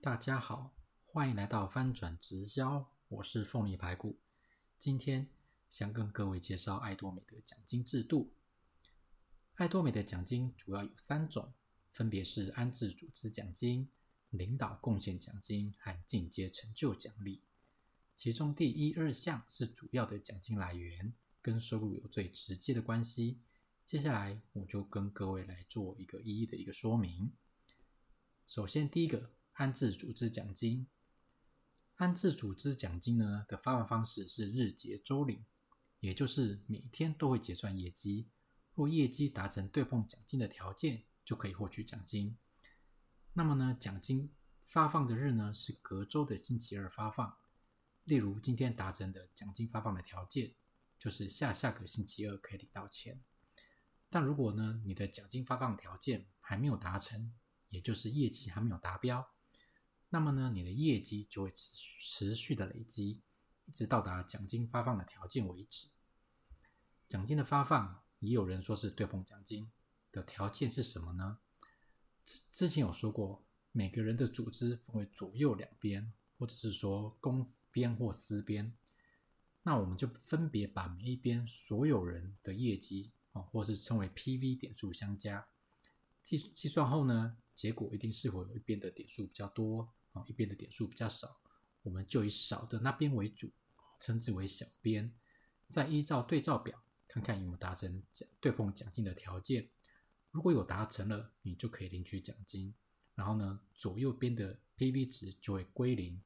大家好，歡迎來到翻轉直銷，我是鳳梨排骨。今天想跟各位介紹艾多美的獎金制度。艾多美的獎金主要有三種，分別是安置組織獎金、領導貢獻獎金和進階成就獎勵。其中第一、二項是主要的獎金來源，跟收入有最直接的關係。接下來我就跟各位來做一個一一的一個說明。首先，第一個。安置組織獎金，安置組織獎金呢的發放方式是日結週領，也就是每天都會結算業績，若業績達成對碰獎金的條件，就可以獲取獎金。那麼呢，獎金發放的日呢是隔週的星期二發放。例如，今天達成的獎金發放的條件，就是下下個星期二可以領到錢。但如果呢，你的獎金發放條件還沒有達成，也就是業績還沒有達標。那麼呢，你的業績就會持持續的累積，一直到達獎金發放的條件為止。獎金的發放，也有人說是對碰獎金的條件是什麼呢？之之前有說過，每個人的組織分為左右兩邊，或者是說公司邊或私邊。那我們就分別把每一邊所有人的業績啊，或是稱為 PV 點數相加，計計算後呢，結果一定是會有一邊的點數比較多。一邊的點數比較少，我們就以少的那邊為主，稱之為小邊。再依照對照表，看看有沒有達成對碰獎金的條件。如果有達成了，你就可以領取獎金。然後呢，左右邊的 PV 值，就會歸零。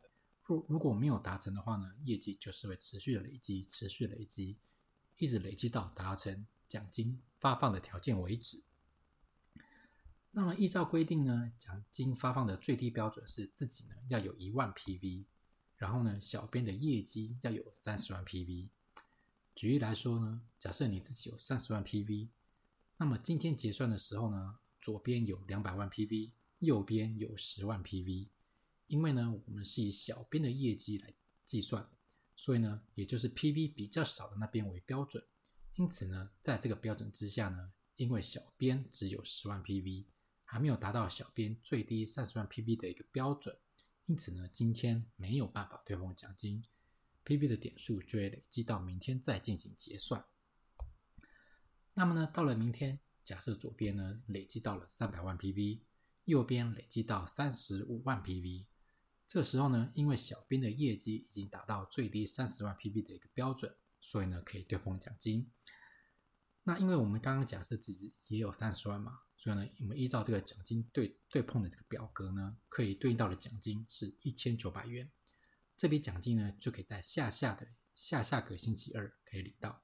如如果沒有達成的話呢，業績就是會持續的累積，持續累積，一直累積到達成獎金發放的條件為止。那麼依照規定呢，獎金發放的最低標準是自己呢要有一萬 PV，然後呢，小邊的業績要有三十萬 PV。舉例來說呢，假設你自己有三十萬 PV，那麼今天結算的時候呢，左邊有兩百萬 PV，右邊有十萬 PV。因為呢，我們是以小邊的業績來計算，所以呢，也就是 PV 比較少的那邊為標準。因此呢，在這個標準之下呢，因為小邊只有十萬 PV。還沒有達到小邊最低三十萬 PV 的一個標準，因此呢，今天沒有辦法對碰獎金。PV 的點數就會累積到明天再進行結算。那麼呢，到了明天，假設左邊呢累積到了三百萬 PV，右邊累積到三十五萬 PV，這時候呢，因為小邊的業績已經達到最低三十萬 PV 的一個標準，所以呢，可以對碰獎金。那因為我們剛剛假設自己也有三十萬嘛。所以呢，我們依照這個獎金對對碰的這個表格呢，可以對應到的獎金是一千九百元。這筆獎金呢，就可以在下下的下下個星期二可以領到。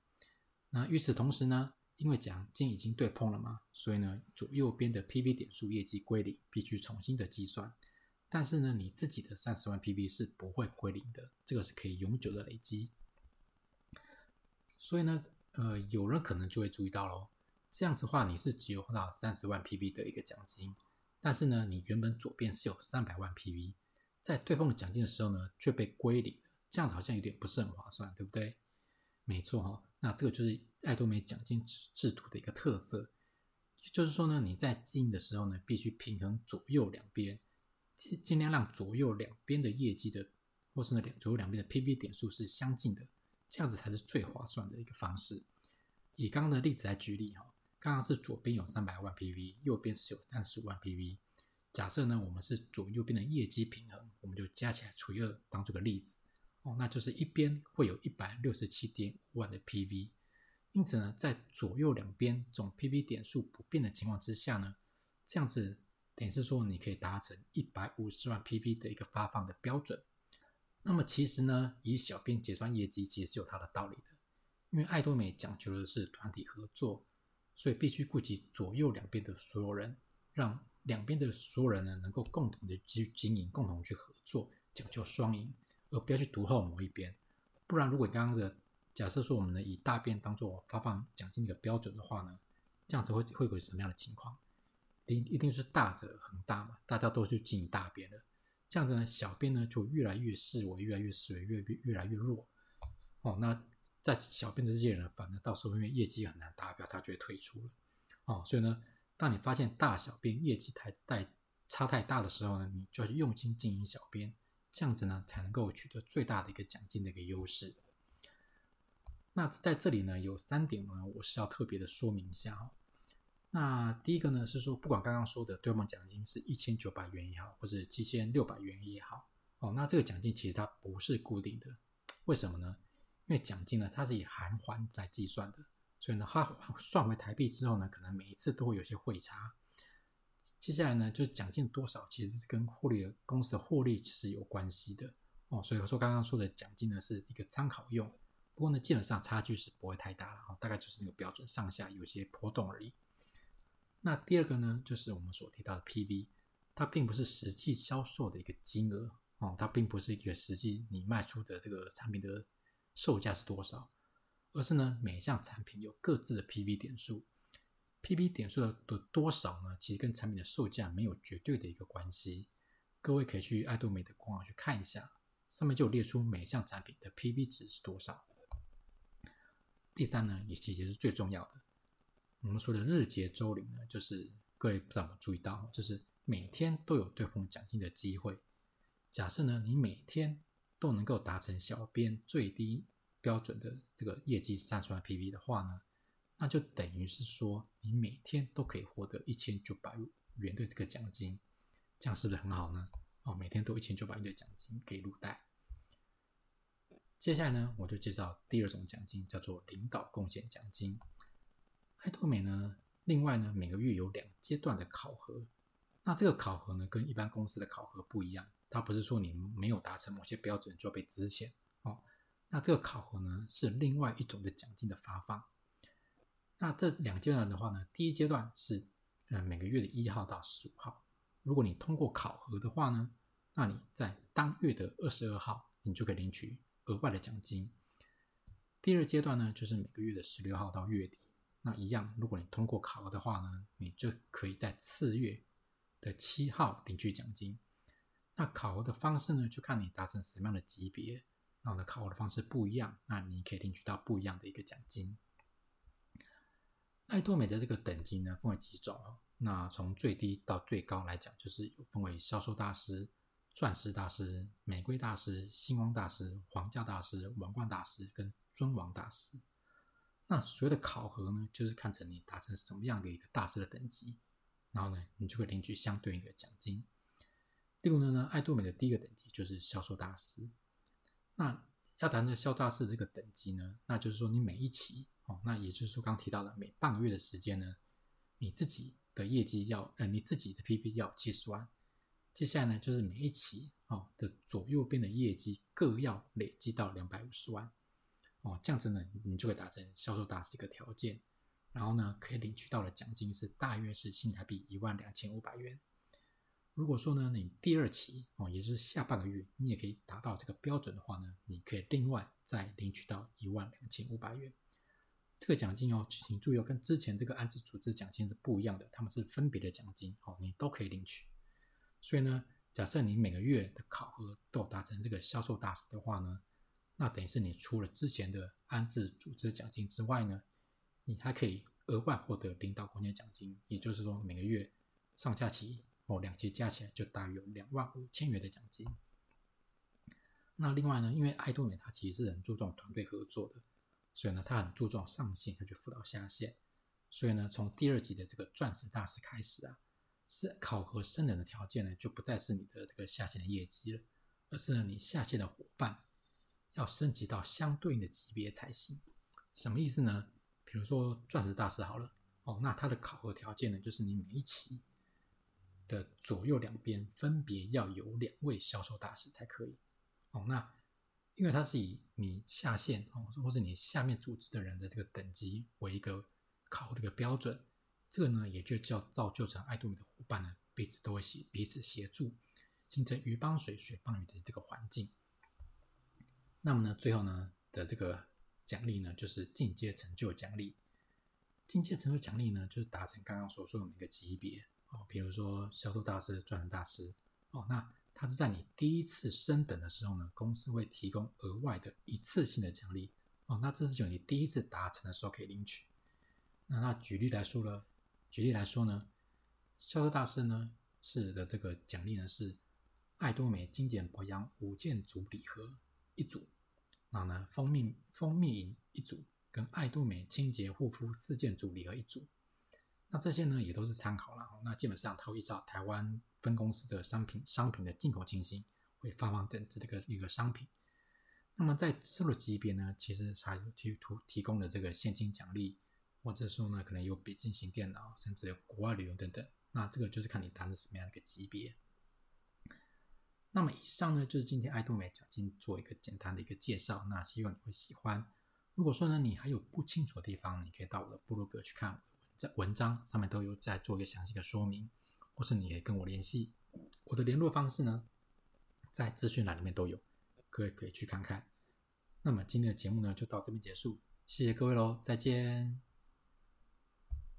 那與此同時呢，因為獎金已經對碰了嘛，所以呢，左右邊的 PV 點數業績歸零，必須重新的計算。但是呢，你自己的三十萬 PV 是不會歸零的，這個是可以永久的累積。所以呢，呃，有人可能就會注意到嘍。這樣子的話，你是只有到三十萬 PB 的一個獎金，但是呢，你原本左邊是有三百萬 PB，在對碰的獎金的時候呢，卻被歸零，這樣子好像有點不是很划算，對不對？沒錯哈、哦，那這個就是愛多美獎金制度的一個特色，就是說呢，你在經營的時候呢，必須平衡左右兩邊，儘儘量讓左右兩邊的業績的，或是呢兩左右兩邊的 PB 點數是相近的，這樣子才是最划算的一個方式。以剛剛的例子來舉例剛剛是左邊有三百萬 PV，右邊是有三十五萬 PV。假設呢，我們是左右邊的業績平衡，我們就加起來除以二當做個例子哦，那就是一邊會有一百六十七點五萬的 PV。因此呢，在左右兩邊總 PV 點數不變的情況之下呢，這樣子等於是說你可以達成一百五十萬 PV 的一個發放的標準。那麼其實呢，以小邊結算業績其實是有它的道理的，因為艾多美講究的是團體合作。所以必須顧及左右兩邊的所有人，讓兩邊的所有人呢能夠共同的去經營、共同去合作，講究雙贏，而不要去獨厚某一邊。不然，如果你剛剛的假設說我們呢以大邊當做發放獎金的一個標準的話呢，這樣子會會有什麼樣的情況？一定一定是大者恆大嘛，大家都去經營大邊的，這樣子呢小邊呢就越來越視為越來越視為越越越來越弱。哦，那。在小邊的這些人，反正到時候因為業績很難達標，他就會退出了。哦，所以呢，當你發現大小邊業績太帶差太大的時候呢，你就要去用心經營小邊，這樣子呢才能夠取得最大的一個獎金的一個優勢。那在這裡呢，有三點呢，我是要特別的說明一下哦。那第一個呢是說，不管剛剛說的對我們獎金是一千九百元也好，或者七千六百元也好，哦，那這個獎金其實它不是固定的，為什麼呢？因為獎金呢，它是以韓元來計算的，所以呢，它算回台幣之後呢，可能每一次都會有些匯差。接下來呢，就是、獎金多少其實是跟獲利的公司的獲利其實有關係的哦。所以我說剛剛說的獎金呢，是一個參考用，不過呢，基本上差距是不會太大了，哦，大概就是那個標準上下有些波動而已。那第二個呢，就是我們所提到的 PV，它並不是實際銷售的一個金額哦，它並不是一個實際你賣出的這個產品的。售價是多少？而是呢，每一項產品有各自的 PV 點數 PV 點數的多多少呢？其實跟產品的售價沒有絕對的一個關係。各位可以去艾多美的官網去看一下，上面就有列出每一項產品的 PV 值是多少。第三呢，也其實也是最重要的。我們說的日結周領呢，就是各位不怎麼注意到，就是每天都有對碰獎金的機會。假設呢，你每天。都能夠達成小編最低標準的這個業績三十萬 PP 的話呢，那就等於是說你每天都可以獲得一千九百元的這個獎金，這樣是不是很好呢？哦，每天都一千九百元的獎金給入袋。接下來呢，我就介紹第二種獎金，叫做領導貢獻獎金。艾多美呢，另外呢每個月有兩階段的考核，那這個考核呢跟一般公司的考核不一樣。它不是說你沒有達成某些標準就要被支錢哦。那這個考核呢，是另外一種的獎金的發放。那這兩階段的話呢，第一階段是呃每個月的一號到十五號，如果你通過考核的話呢，那你在當月的二十二號你就可以領取額外的獎金。第二階段呢，就是每個月的十六號到月底，那一樣如果你通過考核的話呢，你就可以在次月的七號領取獎金。那考核的方式呢，就看你達成什麼樣的級別，然後呢，考核的方式不一樣，那你可以領取到不一樣的一個獎金。艾多美的這個等級呢，分為幾種？那從最低到最高來講，就是有分為銷售大師、鑽石大師、玫瑰大師、星光大師、皇家大師、王冠大師跟尊王大師。那所有的考核呢，就是看成你達成什麼樣的一個大師的等級，然後呢，你就會領取相對應的獎金。第五個呢，艾多美的第一個等級就是銷售大師。那要談的銷售大師的這個等級呢，那就是說你每一期哦，那也就是說剛提到的，每半個月的時間呢，你自己的業績要呃，你自己的 PP 要七十萬。接下來呢，就是每一期哦的左右邊的業績各要累積到兩百五十萬哦，這樣子呢，你就會達成銷售大師一個條件，然後呢，可以領取到的獎金是大約是新台幣一萬兩千五百元。如果說呢，你第二期哦，也就是下半個月，你也可以達到這個標準的話呢，你可以另外再領取到一萬兩千五百元這個獎金哦，請注意哦，要跟之前這個安置組織獎金是不一樣的，他們是分別的獎金哦，你都可以領取。所以呢，假設你每個月的考核都達成這個銷售大師的話呢，那等於是你除了之前的安置組織獎金之外呢，你還可以額外獲得領導貢獻獎金，也就是說每個月上下期。哦，兩期加起來就大約有兩萬五千元的獎金。那另外呢，因為艾多美它其實是很注重團隊合作的，所以呢，它很注重上線，它去輔導下線。所以呢，從第二級的這個鑽石大師開始啊，是考核升等的條件呢，就不再是你的這個下線的業績了，而是呢，你下線的夥伴要升級到相對應的級別才行。什麼意思呢？比如說鑽石大師好了，哦，那它的考核條件呢，就是你每一期。的左右兩邊分別要有兩位銷售大師才可以。哦，那因為它是以你下線哦，或者你下面組織的人的這個等級為一個考核的一個標準。這個呢，也就叫造就成艾多美的伙伴呢，彼此都會協彼此協助，形成魚幫水、水幫魚的這個環境。那麼呢，最後呢的這個獎勵呢，就是進階成就獎勵。進階成就獎勵呢，就是達成剛剛所說的每個級別。哦，比如說銷售大師、鑽石大師，哦，那他是在你第一次升等的時候呢，公司會提供額外的一次性的獎勵，哦，那這是就你第一次達成的時候可以領取。那那舉例來說呢，舉例來說呢，銷售大師呢是的這個獎勵呢是艾多美經典保養五件組禮盒一組，那呢蜂蜜，蜂蜜蜂蜜飲一組，跟艾多美清潔護膚四件組禮盒一組。那這些呢，也都是參考了。那基本上，他會依照台灣分公司的商品商品的進口情形，會發放這這個一個商品。那麼在這個級別呢，其實才提提提供的這個現金獎勵，或者說呢，可能有筆進行電腦，甚至有國外旅遊等等。那這個就是看你談的什麼樣的一個級別。那麼以上呢，就是今天艾多美獎金做一個簡單的一個介紹。那希望你會喜歡。如果說呢，你還有不清楚的地方，你可以到我的部落格去看，在文章上面都有再做一個詳細的說明，或是你可以跟我聯繫，我的聯絡方式呢，在資訊欄裡面都有，各位可以去看看。那麼今天的節目呢，就到這邊結束，謝謝各位嘍，再見。